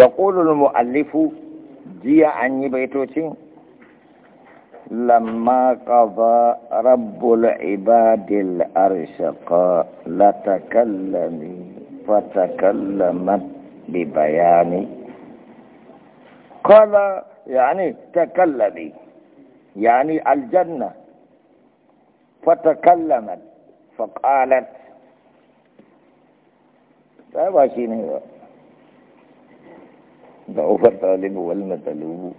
يقول المؤلف جي عني بيتوتي لما قضى رب العباد الارشق لتكلمي تكلمي فتكلمت ببياني قال يعني تكلمي يعني الجنة فتكلمت فقالت فما طيب، شيء ضعف الطالب والمطلوب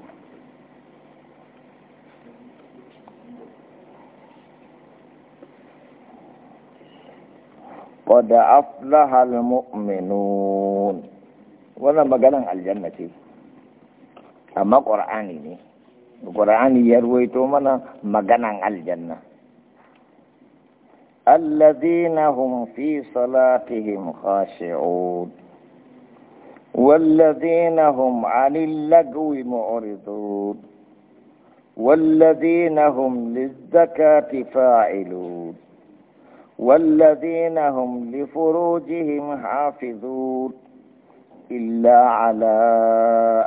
قد أفلح المؤمنون وانا ما على الجنة أما قرآن ini القرآن يروي itu mana على الجنة الذين هم في صلاتهم خاشعون والذين هم عن اللجو معرضون والذين هم للزكاة فاعلون والذين هم لفروجهم حافظون إلا على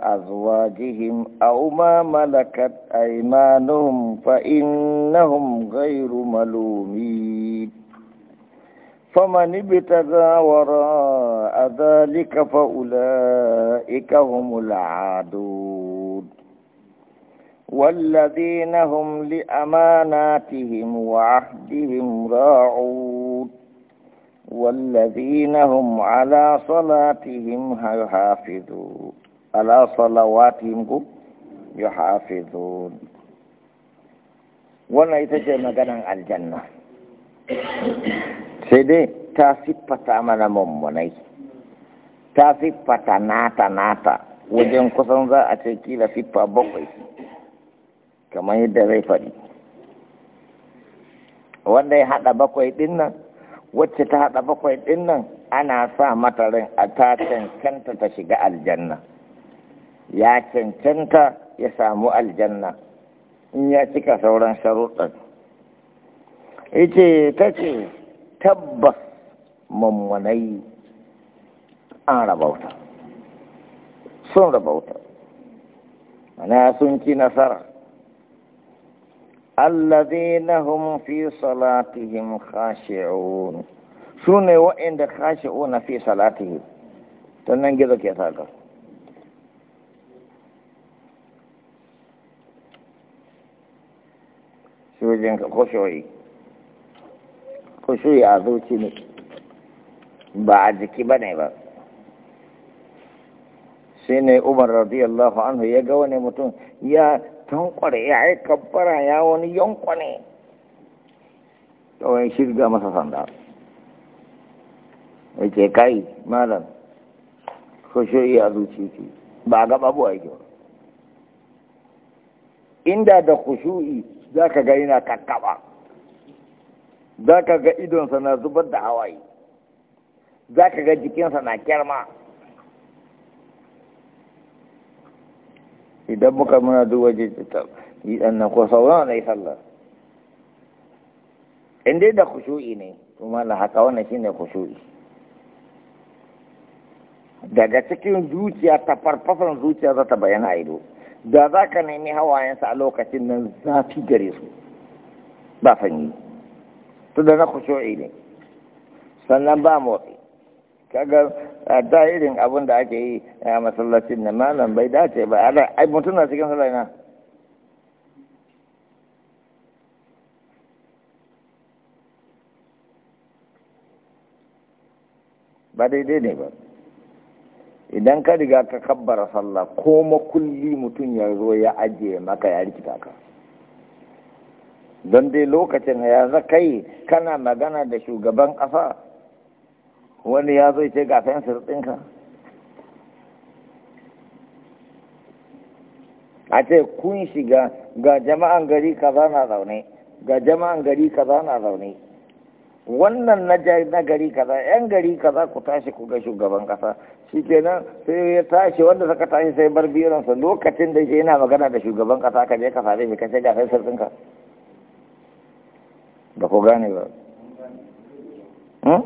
أزواجهم أو ما ملكت أيمانهم فإنهم غير ملومين فمن ابتغى وراء ذلك فأولئك هم العادون والذين هم لأماناتهم وعهدهم راعون والذين هم على صلاتهم يحافظون على صلواتهم يحافظون وانا يتجمع الجنة sai dai ta siffata mana mummunai ta siffata nata nata wajen kusan za a ce kila siffa bakwai kamar yadda zai faɗi wanda ya haɗa bakwai ɗin nan wacce ta haɗa bakwai ɗin nan ana sa mata rin a ta cancanta ta shiga aljanna ya cancanta ya samu aljanna in ya cika sauran sharuɗin ita ta ce tabbas mummunai an rabauta sun rabauta mana sun ci nasara allazina hum fi salatihim khashi'un sune wa'inda khashi'un fi salatihim tannan gizo ke saka shujin ka ko kushuyi a zuci ne ba a jiki ba ne ba shi ne umar radiyallahu anhu ya ga wani mutum ya tankware ya yi kabbara ya wani yankwane tsawon shirga masa sanda ya ce kai malam kushuyi a zuci ce ba a gaba buwa yake ba inda da kushuyi za ka ga yana kakkaba za ka ga idonsa na zubar da hawaye za ka ga jikinsa na kyarma idan muka muna duba jikin yi ɗannan ko sauran na yi sallar inda da da kushu'i ne kuma na haka wannan shi ne kushu'i daga cikin zuciya ta farfasan zuciya za ta bayyana ido da za ka nemi hawayensa a lokacin nan zafi gare su ba sanyi to da na kusho'i ne sannan ba motsi kaga da irin abin da ake yi a masallacin na malam bai dace ba ana ai mutum na cikin sallah na ba daidai ne ba idan ka riga ka kabbara sallah ko makulli mutum ya zo ya ajiye maka ya rikita ka don dai lokacin ya za kai kana magana da shugaban ƙasa wani ya zo ce ga fensir ɗinka a ce kun shiga ga jama'an gari kaza na zaune ga jama'an gari kaza na zaune wannan na gari kaza yan gari kaza ku tashi ku ga shugaban kasa shikenan sai ya tashi wanda suka tashi sai bar biyaransa lokacin da shi yana magana da shugaban kasa ka je ka same shi ka ce ga fensir ɗinka da ku gane ba hmm?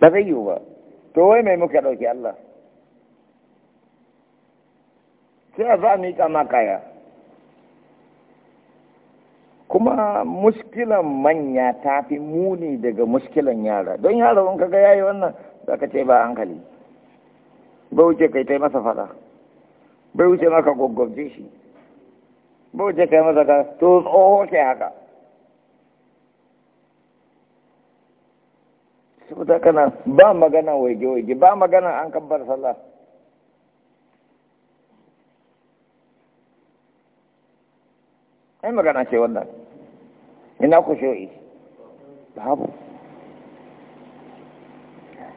ba zai yiwu ba to wai mai muka ɗauki Allah sai a za a miƙa ma kaya kuma muskilan manya ta fi muni daga muskilan yara don yara wanka ga yayi wannan za ka ce ba hankali ba wuce kai ta masa fada ba wuce maka gwaggwabce shi ba wuce kai masa ka to tsoho ke haka saboda kana ba magana waige-waige ba magana an kabbar sallah ai magana ce wannan ina ku sho'i babu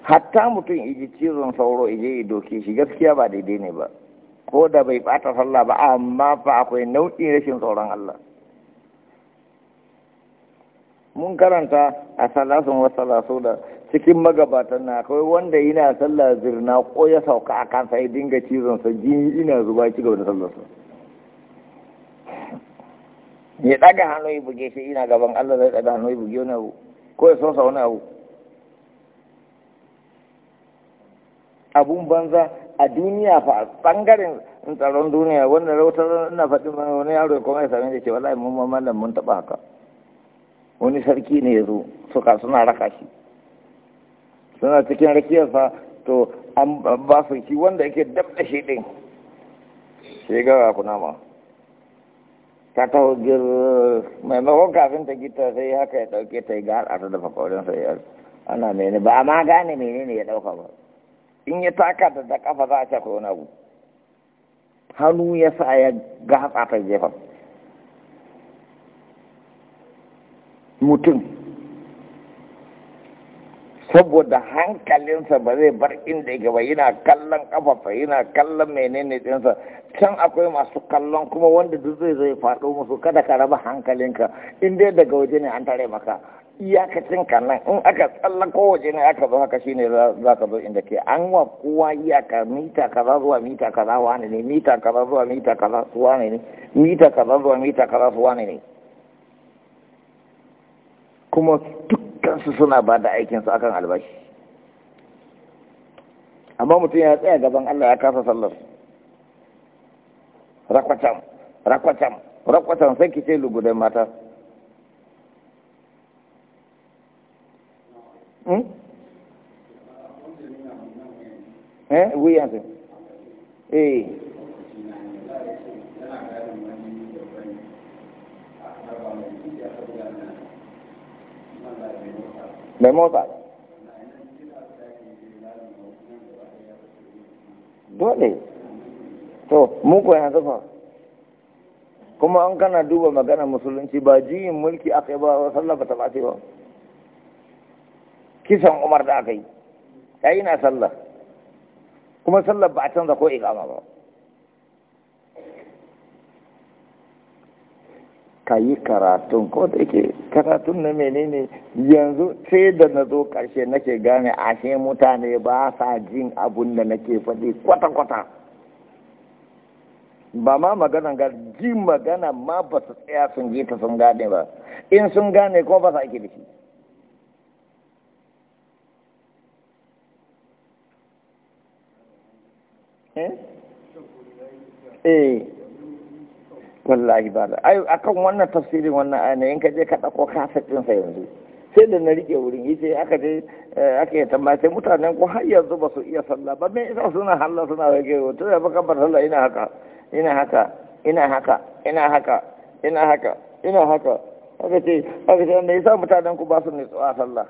hatta mutum iji cizon sauro iji yi doke shi gaskiya ba daidai ne ba ko da bai bata sallah ba amma fa akwai nau'in rashin sauran Allah mun karanta a salasun wasu salasu da cikin magabatan na akwai wanda yana sallah zirna ko ya sauka a kansa ya dinga cizon sa jini ina zuba ci gaba da sallar sa ya daga hannu ya buge shi ina gaban Allah zai daga hannu ya buge wani abu ko ya sosa wani abu abun banza a duniya fa a bangaren tsaron duniya wanda rautar ina faɗi mana wani yaro ya kuma ya same da ce wallahi mun mamallan mun taɓa haka wani sarki ne ya zo suka suna raka shi suna cikin rakiyarsa to an ba su shi wanda yake dab da shi din Shi ga kuna ma ta taho gir mako kafin ta gita sai haka ya dauke ta ga har a dafa kaurin sai yar ana mene ba ma gane menene ya dauka ba in ya taka da da kafa za a ce ko na hannu ya sa ya ga ta jefa. mutum saboda hankalinsa ba zai bar inda yake ba yana kallon kafafa yana kallon menene dinsa can akwai masu kallon kuma wanda duk zai zai faɗo musu kada ka raba hankalinka in dai daga waje ne an tare maka iyakacin kallon in aka tsalla ko waje ne aka zo haka shine za ka zo inda ke an wa kowa iyaka mita kaza zuwa mita kaza wani ne mita kaza zuwa mita kaza wani ne mita kaza zuwa mita kaza wani ne kuma duk kansu suna ba da aikinsu kan albashi amma mutum ya tsaya gaban Allah ya kasa sallar rakwatam rakwatam rakwatam sai ki ce lugudan mata hmm? eh wuyansu eh mai motsa dole to mu ko yanzu fa kuma an kana duba magana musulunci ba juyin mulki aka yi ba sallah ba ta ba kisan umar da aka yi ya yi na sallah kuma sallah ba a canza ko ikama ba ka yi karatun ko da yake karatun na menene yanzu sai da na zo ƙarshe nake gane ashe mutane ba sa jin abun da nake faɗi kwata-kwata ba ma magana ga ji magana ma ba su tsaya sun ji ta sun gane ba in sun gane ko ba sa ake da shi eh, eh. wallahi ba da ai akan wannan tafsirin wannan ayana in ka je ka ɗauko kaset sa yanzu sai da na rike wurin yace aka je eh, aka yi tambaya sai mutanen ko har yanzu ba su iya sallah ba me isa suna halla suna rage to ya baka bar sallah ina haka ina haka ina haka ina haka ina haka ina haka aka ce aka ce me yasa mutanen ku ba su ne tsawa sallah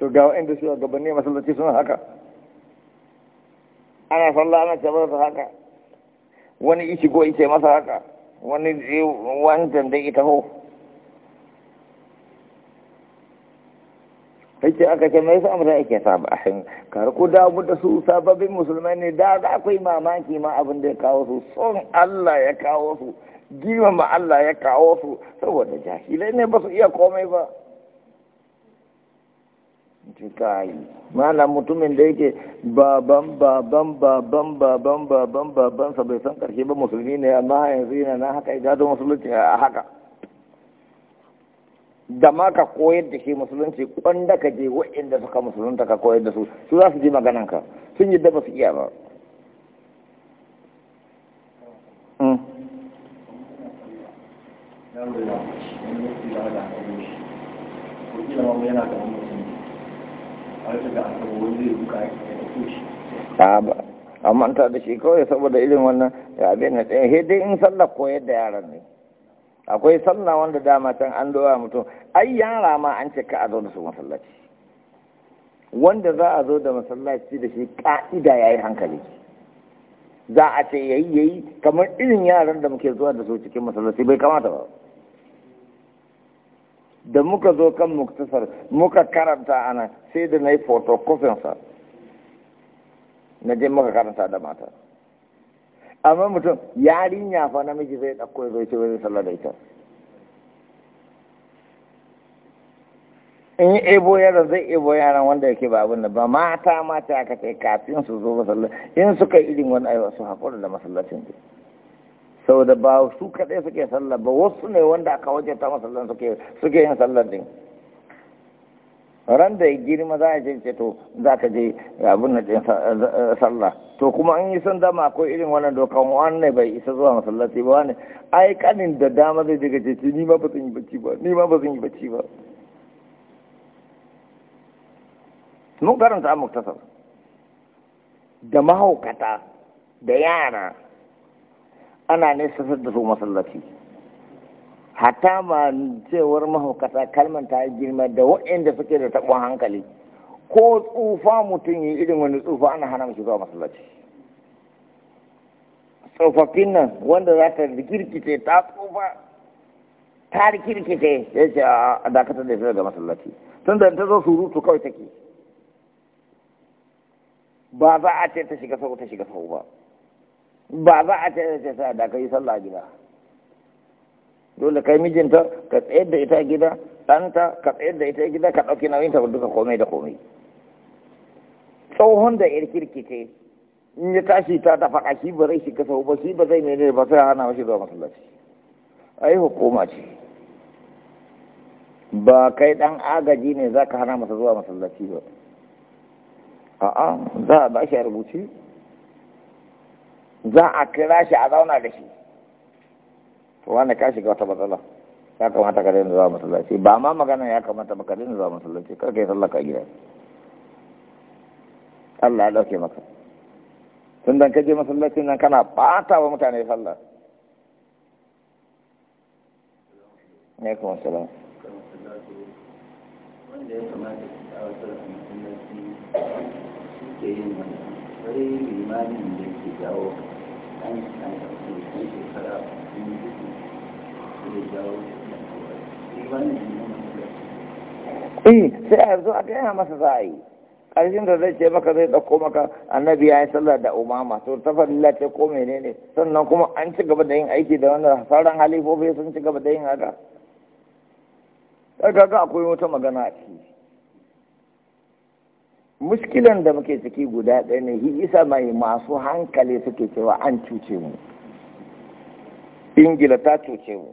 to ga wa'anda su gabanin masallaci suna haka ana sallah ana cewa su haka wani ishi ko ishe masa haka wani wancan da ita ho Hake aka ce mai sa amurka sabahin karku damu da su sababbin musulmai ne da za ku mamaki ma abin da ya kawo su son Allah ya kawo su girmama Allah ya kawo su saboda jahilai ne ba su iya komai ba kai mana mutumin da yake baban baban baban baban baban baban sa bai san karshe ba musulmi ne amma yanzu yana na haka ya gado musulunci a haka da ma ka koyar da shi musulunci kwanda ka je wa'inda suka musulunta ka koyar da su su za su ji maganan ka sun yi da ba su iya ba hmm. a manta da shi kawai saboda irin wannan ya abin na tsaye hedin in sallar koyar da yaran ne akwai sallah wanda dama can an doya mutum ai yara ma an ce ka a zo da su masallaci wanda za a zo da masallaci da shi ka'ida ya yi hankali za a ce yayi yayi kamar irin yaran da muke zuwa da su cikin masallaci bai kamata ba da muka zo kan muktasar muka karanta ana sai da na yi fotokofinsa na je muka karanta da mata amma mutum yarinya fa namiji zai ɗauko ya zo ce wani sallah da ita in ebo yaran zai ebo yaran wanda yake ba abin da ba mata mata aka kai kafin su zo masallaci in suka irin wani aiwa su haƙura da masallacin ke saboda ba su kaɗai suke sallah ba wasu ne wanda aka waje ta masallan suke yin sallar din ran da ya girma za a je ce to za ka je abin da ɗin eh, sallah to kuma an yi son dama akwai irin wannan dokan ne bai isa zuwa masallaci ba wani ai kanin da dama zai daga ce ni ma ba zan yi bacci ba ni ma ba zan yi bacci ba mun karanta a muktasar da mahaukata da yara ana nesa da su masallaci hatta ma cewar mahaukata kalmar ta girma da waɗanda suke da taɓon hankali ko tsufa mutum yi irin wani tsufa ana hana mu zuwa masallaci tsofaffin nan wanda za ta rikirkice ta tsufa ta rikirkice ya ce a dakatar da ita daga masallaci tun da ta zo surutu kawai take ba za a ce ta shiga sau ta shiga sau ba ba za a ce ce sai da kai sallah gida dole kai mijinta ka tsayar da ita gida ɗanta ka tsayar da ita gida ka ɗauki ta duka komai da komai tsohon da yar kirki ce in ya tashi ta ta faɗa shi ba zai shiga sau ba shi ba zai mene ba sai hana mashi zuwa masallaci ai hukuma ce ba kai ɗan agaji ne za ka hana masa zuwa masallaci ba a'a za a ba shi a rubuci za a kira shi a zauna da shi to wanda ka shiga wata matsala ya kamata ka daina zuwa masallaci ba ma magana ya kamata ba ka daina zuwa masallaci kar ka yi sallah ka gida Allah ya dauke maka tun da ka je masallacin nan kana bata wa mutane sallah ne kuma sallah wanda ya kamata ke eh sai a yanzu a gaya masa za a yi ƙarshen da zai ce maka zai ɗauko maka annabi ya yi sallah da umama to ta ce ko menene sannan kuma an ci gaba da yin aiki da wanda sauran halifofi sun ci gaba da yin haka kaga akwai wata magana a ciki muskilan da muke ciki guda ɗaya ne isa mai masu hankali suke cewa an cuce mu ingila ta cuce mu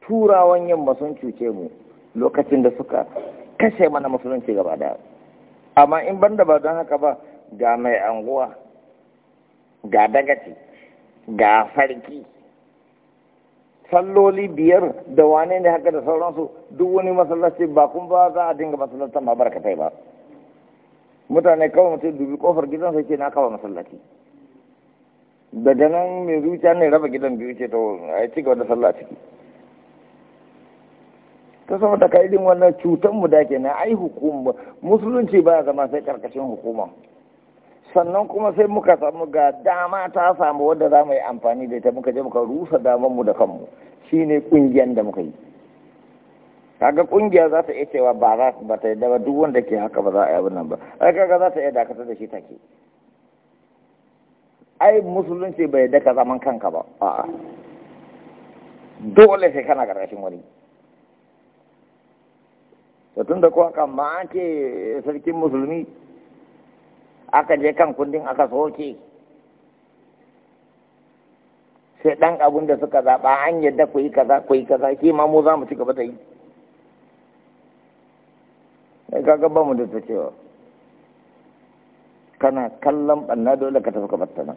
turawan yamma sun cuce mu lokacin da suka kashe mana musulunci gaba da amma in banda ba don haka ba ga mai anguwa ga dagaci ga sarki salloli biyar da wane ne haka da sauransu duk wani masallaci ba kun ba za a dinga masallatan ma barkatai ba mutane kawai mutum dubi kofar gidan sai ce na kawo masallaci da ganin mai zuciya ne raba gidan biyu ce ta a yi cigaba da sallah ciki ta sama da ka'idin wannan cutan mu da ke na ai hukuma musulunci ba zama sai karkashin hukuma sannan kuma sai muka samu ga dama ta samu wadda za mu yi amfani da ita muka je muka rusa damar mu da kanmu shine kungiyar da muka yi kaga kungiya za ta iya cewa ba za ba ta yadda ba duk wanda ke haka ba za a yi abin nan ba ai kaga za ta iya dakatar da shi take ai musulunci bai yadda ka zaman kanka ba a'a dole sai kana karkashin wani to tun da kuwa kan ma ake sarkin musulmi aka je kan kundin aka soke sai dan abun da suka zaɓa an yadda ku yi kaza ku yi kaza shi ma mu za mu ci gaba da yi kaga ba mu da ta cewa kana kallon ɓanna dole ka tafi kamar ta nan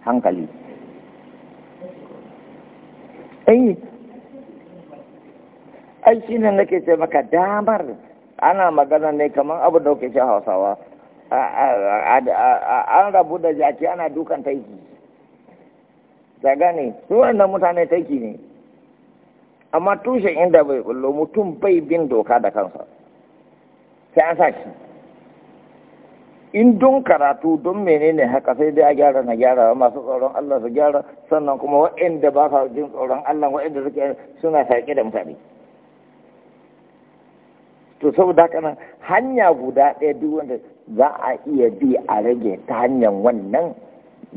hankali ɗanyi ai shi ne nake ce maka damar ana magana ne kamar abu da kuke shi hausawa an rabu da jaki ana dukan taiki ta gane su wannan mutane taiki ne amma tushen inda bai bullo mutum bai bin doka da kansa sai an sake indon karatu don menene haka sai dai a gyara na gyara masu tsoron Allah su gyara sannan kuma waɗanda ba sa jin tsoron Allah waɗanda suke suna saƙe da mutane to saboda haka nan hanya guda ɗaya duk wanda za a iya bi a rage ta hanyar wannan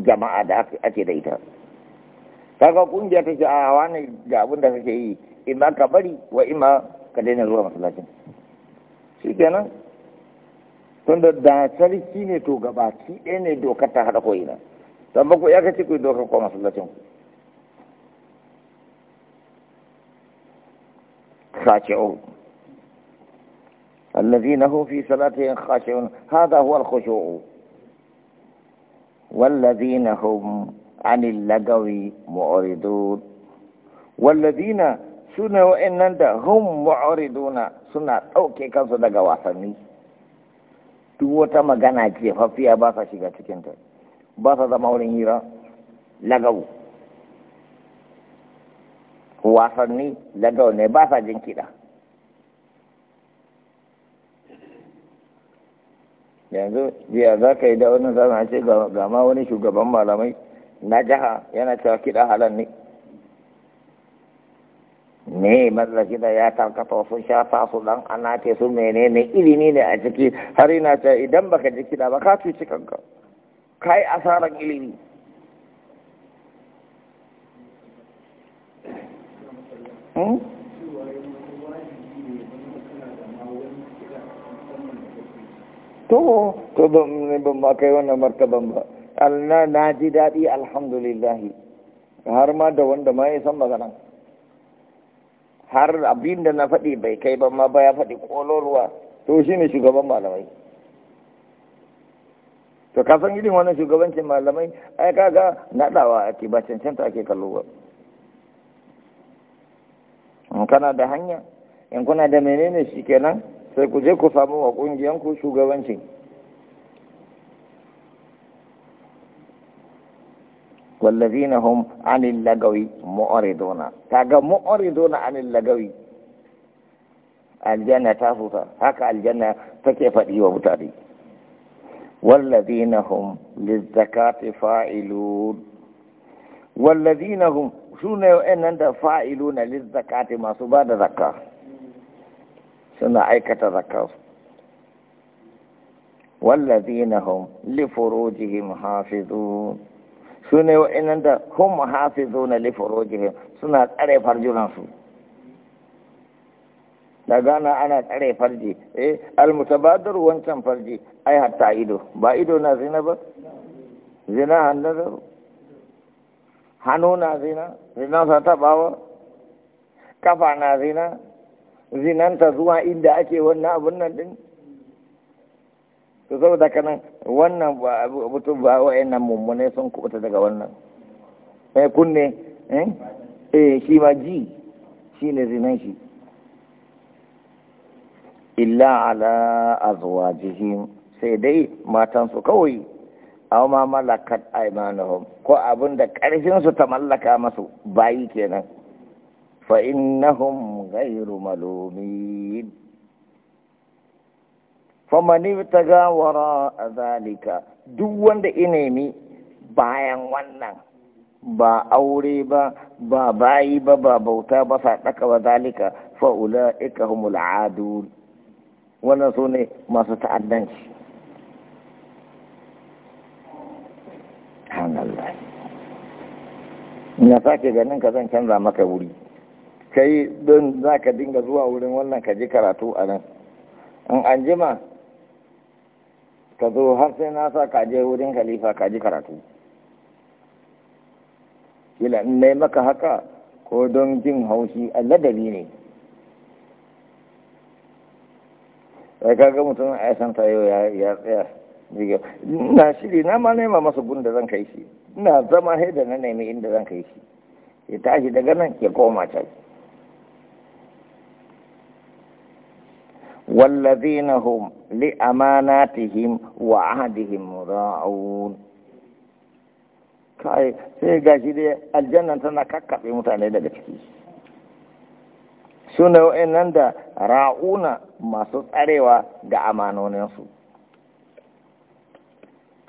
jama'a da ake da ita kaga kungiya ta ce a wani ga abin da kake yi imma ka bari wa imma ka daina zuwa masallacin shi kenan tun da da sarki ne to gabaki ɗaya ne dokar ta haɗa nan don ba ku ya kace ku dokar ko masallacin ku خاشعون الذين هم في صلاتهم خاشعون هذا هو الخشوع والذين هم عن اللغو معرضون والذين سنة وإن هم معرضون سنة أوكي كنسو دقا واسمي ba sa shiga cikin باسا شيغا sa باسا زمولين هيرا لغو wasanni lagawu ne ba sa jin kiɗa yanzu jiya za ka yi da wani zama ce ga ma wani shugaban malamai najaha yana cewa kiɗa halar ne me mallaki da ya tarkata sun shafa su dan ce su menene ilimi ne a ciki har yana ce idan baka ji kiɗa ba ka cuci kanka yi asaran ilimi hmm? to to ban ba kai wannan martaban ba alna na ji daɗi alhamdulillahi har ma da wanda ma ya san maganan har abin da na faɗi bai kai ba ma ba ya faɗi ƙololuwa to shi ne shugaban malamai to ka san irin wannan shugabancin malamai ai kaga naɗawa ke ba cancanta ake kallo ba in kana da hanya in kuna da menene shi kenan sai ku je ku samu wa ƙungiyanku shugabancin والذين هم عن اللغوي معرضون كاغا معرضون عن اللغوي الجنة تفوت هكا الجنة تكيف وبتاري والذين هم للزكاة فاعلون والذين هم شنو ان انت فاعلون للزكاة ما سباد زكاة شنو ايكة زكاة والذين هم لفروجهم حافظون su ne wa'annan da hum hafizuna li furujihim suna tsare farjunansu da gana ana tsare farji eh almutabadir wancan farji ai hatta ido ba ido na zina ba zina hannu hannu na zina zina sa tabawa kafa na zina zinanta zuwa inda ake wannan abun nan din to saboda nan wannan mutum ba wa'annan mummune sun kubuta daga wannan mai eh, kunne eh? eh shi ma ji shi ne zinan shi illa ala azwajihim sai dai matansu kawai aw ma malakat aymanuhum ko abinda karfin su ta mallaka masu bayi kenan fa innahum ghayru malumin famani ta ga wara zalika duk wanda inemi bayan wannan ba aure ba ba bayi ba ba bauta ba sadaka ba zalika fa ulaika humul wannan su ne masu ta'addanci subhanallah na sake ganin ka zan canza maka wuri kai don za ka dinga zuwa wurin wannan ka ji karatu a nan an anjima ka zo har sai na sa ka je wurin khalifa ka ji karatu kila in nai maka haka ko don jin haushi a ladabi ne sai kaga mutum a yasan ta yau ya tsaya na shiri na ma nema masa gun da zan kai shi ina zama sai da na nemi inda zan kai shi ya tashi daga nan ya koma can والذين هم لأماناتهم وعهدهم راعون kai sai ga shi dai aljanna tana kakkaɓe mutane daga ciki su ne da ra'una masu tsarewa ga amanoninsu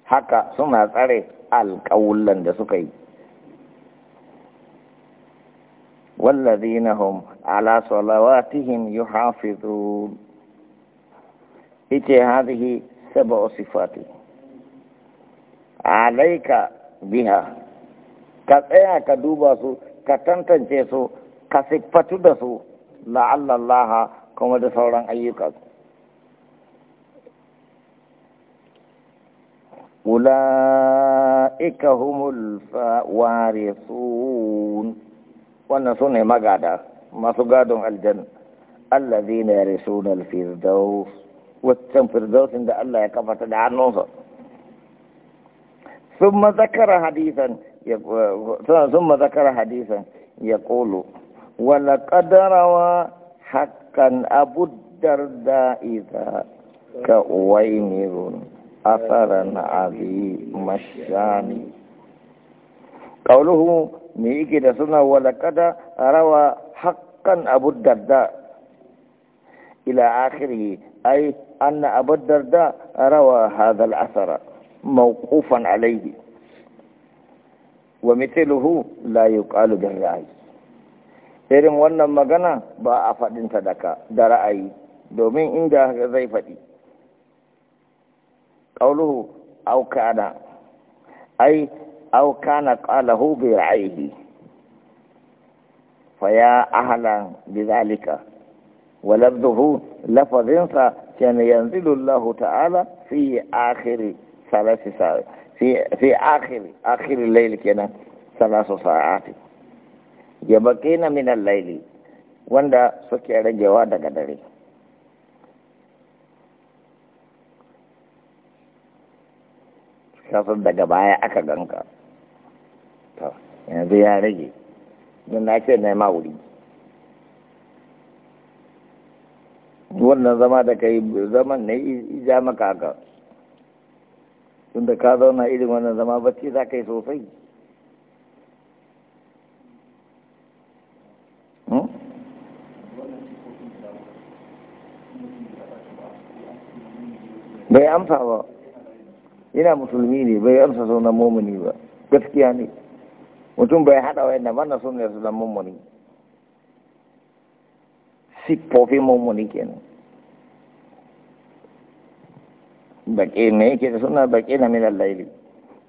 haka suna tsare alƙawullan da suka yi wallazina hum ala salawatihim yuhafizun yace hadhihi sab'u sifati alaika biha ka tsaya ka duba su ka tantance su ka siffatu da su la'allallaha kuma da sauran ayyuka ula'ika humul warisun wannan su ne magada masu gadon aljanna allazina sunan firdau. waccan فردوس da الله ya تدعى ta ثم ذكر حديثا يقول ثم ذكر حديثا يقول ولقد روى حقا أبو الدرداء إذا كأويمر أثرا عظيم الشام قوله ميكي دسنا ولقد روى حقا أبو الدرداء إلى آخره Ai ana abar darda a rawa haɗa asara, man alaihi alai bi. Wani ce luhu la ra'ayi. Irin wannan magana ba a faɗinta da ra'ayi, domin inda zai faɗi. Ƙauluhu auka ana. Ai auka na alahu biyar a yi bi. Faya a halar ولفظه لفظ ينسى كان ينزل الله تعالى في آخر ثلاث ساعات في في آخر آخر الليل كنا ثلاث ساعات يبقين من الليل وندا ragewa daga dare kafin daga baya aka ganka yanzu ya rage don na ce nema wuri wannan zama da kai zaman ne ija maka haka tunda ka zauna irin wannan zama bacci za ka yi sosai hmm? bai amsa ba yana musulmi ne bai amsa sunan momini ba gaskiya ne mutum bai haɗa wa da mana sunan sunan momini siffofin momini kenan بكين ما إيه سنة بقينا من الليل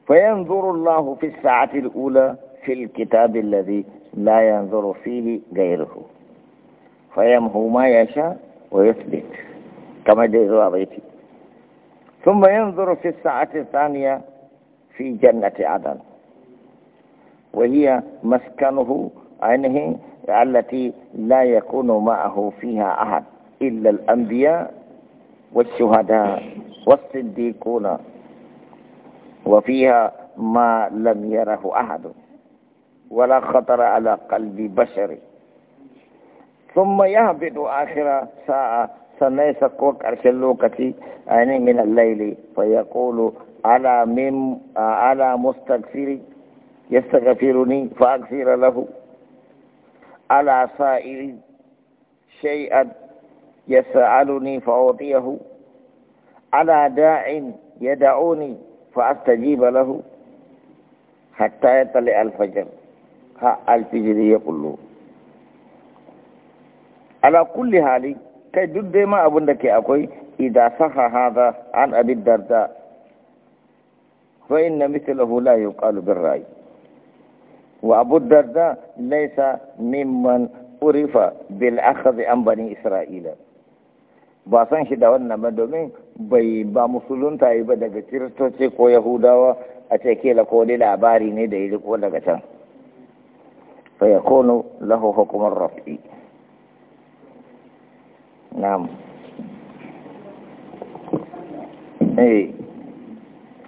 فينظر الله في الساعة الأولى في الكتاب الذي لا ينظر فيه غيره فيمحو ما يشاء ويثبت كما جاء بيتي ثم ينظر في الساعة الثانية في جنة عدن وهي مسكنه عنه التي لا يكون معه فيها أحد إلا الأنبياء والشهداء والصديقون وفيها ما لم يره أحد ولا خطر على قلب بشر ثم يهبط آخر ساعة سنيس كوك أرسلوك أين من الليل فيقول على من على مستغفر يستغفرني فأغفر له على سائر شيئا يسألني فأعطيه ala da'in ya da'o ni fa asta ji ba lahu hatta ya tale alfajar ha alfijiri ya kullu ala kulli hali kai duk dai ma abun da ke akwai ida saha haza an abin darda fain na misali lahu la yi kalu bin rai wa abu darda laisa mimman urifa bil akazi an bani isra'ila ba san shi da wannan ba domin bai ba musulunta yi ba daga kiristoci ko yahudawa a ce kela ko dai labari ne da ya riko daga can fa ya kono laho hukumar rafi na'am eh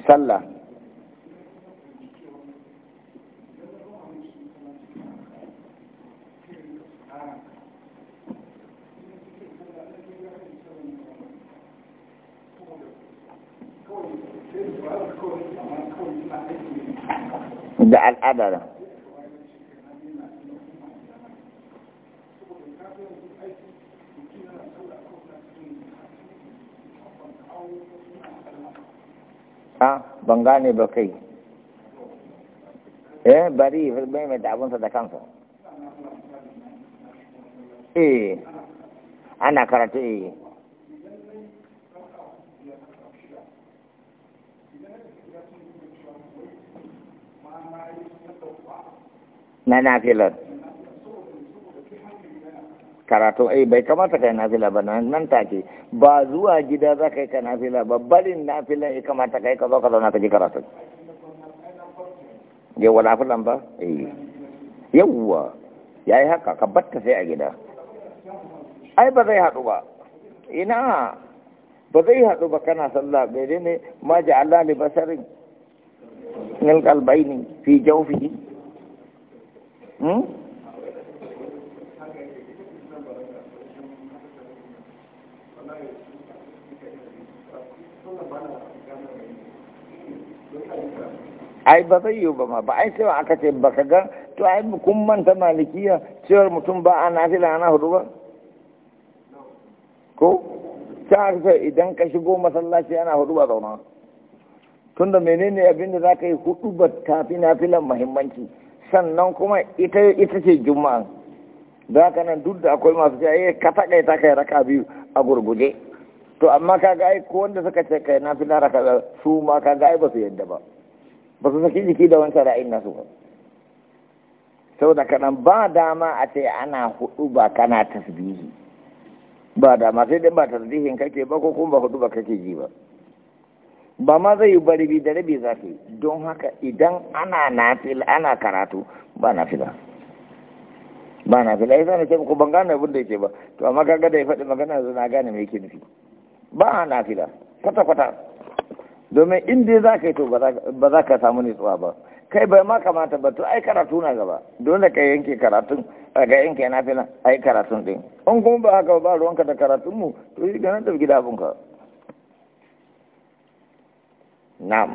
sallah da al'adar a ah, ban gane ba kai eh bari bai mai da abunsa da kansa eh ana karatu eh na nafilar karatu ai eh, bai kamata kai nafila ba nan take ba zuwa gida za ka yi ka nafila ba balin nafilan ya kamata kai ka zo ka zauna ka ji karatu yawa nafilan ba eh yawa ya yi haka ka batta sai a gida ai ba zai haɗu ba ina ba zai haɗu ba kana sallah bai ne ma ja'ala li basarin min qalbayni fi jawfihi Hmm? ai ba zai yiwu ba ma ba ai cewa aka ce ba ka gan to ai kun manta malikiya cewar mutum ba a nafila ana hudu ba ko ta harfe idan ka shigo masallaci ana hudu ba zauna tunda menene abinda za ka yi hudu ba tafi nafilan mahimmanci sannan kuma ita ce juma'an da haka nan duk da akwai masu jaye eh, ka takaita kai raka biyu a gurguje to amma kaga ai ko wanda suka ce kai na fila raka su ma kaga ai ba su yadda ba ba su saki jiki da wancan ra'ayin nasu ba da kanan ba dama a ce ana hudu ba kana tasbihi ba dama sai dai ba tasbihin kake ba ko kuma ba hudu ba kake ji ba ba ma zai yi baribi da rabi zafi don haka idan ana nafil ana karatu ba nafila ba nafila ya zana ce ku ban gane abin da yake ba to amma kaga da ya faɗi magana yanzu na gane mai yake nufi ba a nafila kwata kwata domin in dai za ka yi to ba za ka samu nutsuwa ba kai bai ma kamata ba to ai karatu na gaba dole ka yanke karatun ga yanke nafilan ai karatun din in kuma ba haka ba ruwanka da karatunmu to shi ganin da gida abinka na'am